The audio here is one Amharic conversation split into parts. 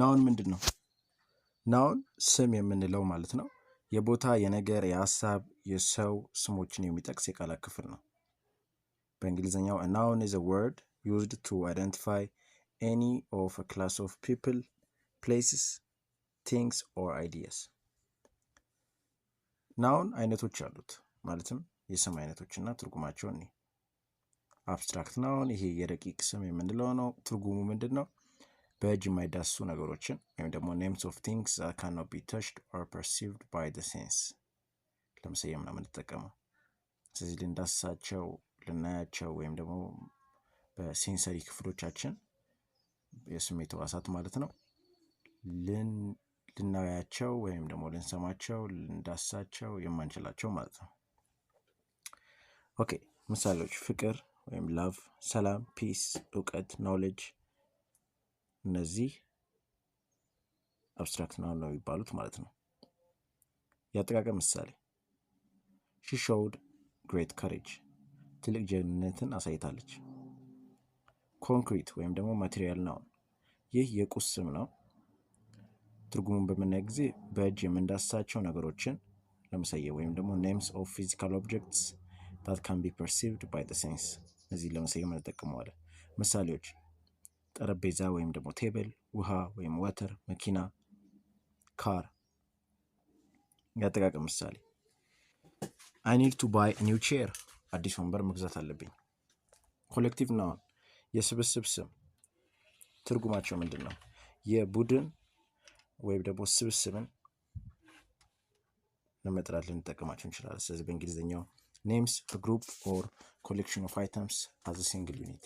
ናውን ምንድን ነው? ናውን ስም የምንለው ማለት ነው። የቦታ፣ የነገር፣ የሀሳብ፣ የሰው ስሞችን የሚጠቅስ የቃላት ክፍል ነው። በእንግሊዝኛው ናውን ኢዝ ወርድ ዩዝድ ቱ አይደንቲፋይ ኤኒ ኦፍ ክላስ ኦፍ ፒፕል ፕሌስስ ቲንግስ ኦር አይዲያስ። ናውን አይነቶች አሉት ማለትም የስም አይነቶችና ትርጉማቸውን አብስትራክት ናውን ይሄ የረቂቅ ስም የምንለው ነው። ትርጉሙ ምንድን ነው? በእጅ የማይዳሱ ነገሮችን ወይም ደግሞ ኔምስ ኦፍ ቲንግስ ካኖ ቢ ተችድ ኦር ፐርሲቭድ ባይ ዘ ሴንስ ለምሳሌ ምና የምንጠቀመው። ስለዚህ ልንዳስሳቸው፣ ልናያቸው ወይም ደግሞ በሴንሰሪ ክፍሎቻችን የስሜት ሕዋሳት ማለት ነው ልናያቸው ወይም ደግሞ ልንሰማቸው፣ ልንዳስሳቸው የማንችላቸው ማለት ነው። ኦኬ ምሳሌዎች ፍቅር ወይም ላቭ፣ ሰላም ፒስ፣ እውቀት ኖሌጅ እነዚህ አብስትራክት ነው ነው የሚባሉት ማለት ነው። የአጠቃቀም ምሳሌ ሺ ሾውድ ግሬት ከሬጅ ትልቅ ጀግንነትን አሳይታለች። ኮንክሪት ወይም ደግሞ ማቴሪያል ነው። ይህ የቁስ ስም ነው። ትርጉሙን በምናይ ጊዜ በእጅ የምንዳሳቸው ነገሮችን ለመሰየም ወይም ደግሞ ኔምስ ኦፍ ፊዚካል ኦብጀክትስ ታት ካን ቢ ፐርሲቭድ ባይ ሴንስ እዚህ ለመሰየም እንጠቀመዋለን። ምሳሌዎች ጠረጴዛ ወይም ደግሞ ቴብል፣ ውሃ ወይም ወተር፣ መኪና፣ ካር። የአጠቃቀም ምሳሌ አይ ኒድ ቱ ባይ ኒው ቼር፣ አዲስ ወንበር መግዛት አለብኝ። ኮሌክቲቭ ናውን የስብስብ ስም ትርጉማቸው ምንድን ነው? የቡድን ወይም ደግሞ ስብስብን ለመጥራት ልንጠቀማቸው እንችላለን። ስለዚህ በእንግሊዝኛው ኔምስ ግሩፕ ኦር ኮሌክሽን ኦፍ አይተምስ አዘ ሲንግል ዩኒት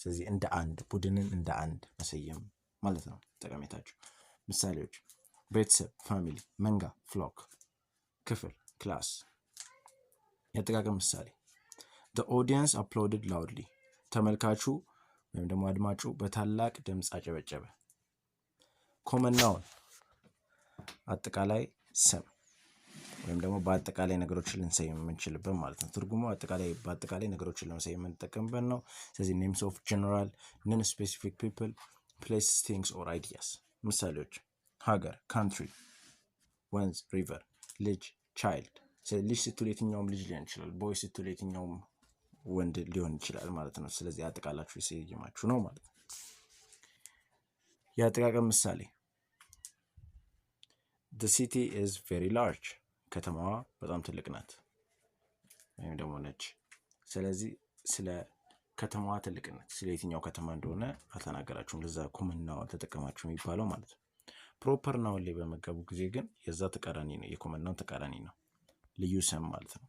ስለዚህ እንደ አንድ ቡድንን እንደ አንድ መሰየም ማለት ነው ጠቀሜታቸው። ምሳሌዎች ቤተሰብ ፋሚሊ፣ መንጋ ፍሎክ፣ ክፍል ክላስ። የአጠቃቀም ምሳሌ ኦዲየንስ አፕሎድድ ላውድሊ፣ ተመልካቹ ወይም ደግሞ አድማጩ በታላቅ ድምፅ አጨበጨበ። ኮመን ናውን አጠቃላይ ስም ወይም ደግሞ በአጠቃላይ ነገሮችን ልንሰይ የምንችልበት ማለት ነው። ትርጉሙ አጠቃላይ በአጠቃላይ ነገሮችን ለመሰይ የምንጠቀምበት ነው። ስለዚህ ኔምስ ኦፍ ጀነራል ነን ስፔሲፊክ ፒፕል ፕሌስ ቲንግስ ኦር አይዲያስ። ምሳሌዎች ሀገር፣ ካንትሪ፣ ወንዝ፣ ሪቨር፣ ልጅ፣ ቻይልድ። ልጅ ስትል የትኛውም ልጅ ሊሆን ይችላል። ቦይ ስትል የትኛውም ወንድ ሊሆን ይችላል ማለት ነው። ስለዚህ አጠቃላችሁ የሰየማችሁ ነው ማለት ነው። የአጠቃቀም ምሳሌ the city is very large ከተማዋ በጣም ትልቅ ናት ወይም ደግሞ ነች። ስለዚህ ስለ ከተማዋ ትልቅነት ስለ የትኛው ከተማ እንደሆነ አልተናገራችሁም። ለዛ ኮመን ናውን ተጠቀማችሁ የሚባለው ማለት ነው። ፕሮፐር ናውን ላይ በመገቡ ጊዜ ግን የዛ ተቃራኒ ነው፣ የኮመን ናውን ተቃራኒ ነው፣ ልዩ ስም ማለት ነው።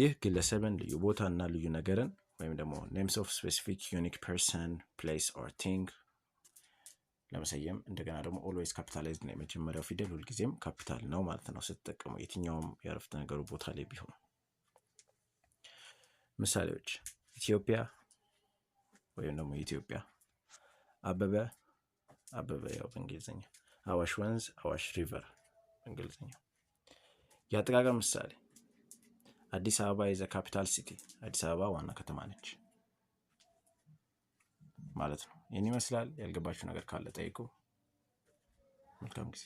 ይህ ግለሰብን፣ ልዩ ቦታ እና ልዩ ነገርን ወይም ደግሞ ኔምስ ኦፍ ስፔሲፊክ ዩኒክ ፐርሰን ፕሌስ ኦር ቲንግ ለመሰየም እንደገና ደግሞ ኦልዌይስ ካፒታላይዝድ ነው። የመጀመሪያው ፊደል ሁልጊዜም ካፒታል ነው ማለት ነው ስትጠቀሙ የትኛውም የአረፍተ ነገሩ ቦታ ላይ ቢሆን። ምሳሌዎች ኢትዮጵያ ወይም ደግሞ ኢትዮጵያ፣ አበበ አበበ፣ ያው በእንግሊዝኛ አዋሽ ወንዝ አዋሽ ሪቨር በእንግሊዝኛ። የአጠቃቀም ምሳሌ አዲስ አበባ የዘ ካፒታል ሲቲ፣ አዲስ አበባ ዋና ከተማ ነች። ማለት ነው። ይህን ይመስላል። ያልገባችሁ ነገር ካለ ጠይቁ። መልካም ጊዜ